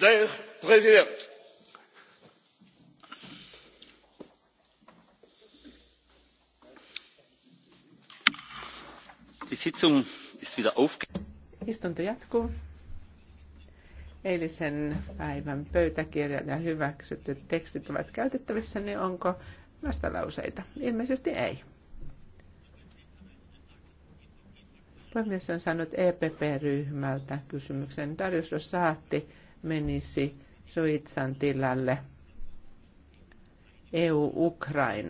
Der Präsident. Die Sitzung ist wieder Istunto jatkuu. Eilisen päivän pöytäkirjat ja hyväksytyt tekstit ovat käytettävissä, niin onko vastalauseita? Ilmeisesti ei. Puhemies on saanut EPP-ryhmältä kysymyksen. Darius menisi Suitsan tilalle EU-Ukraina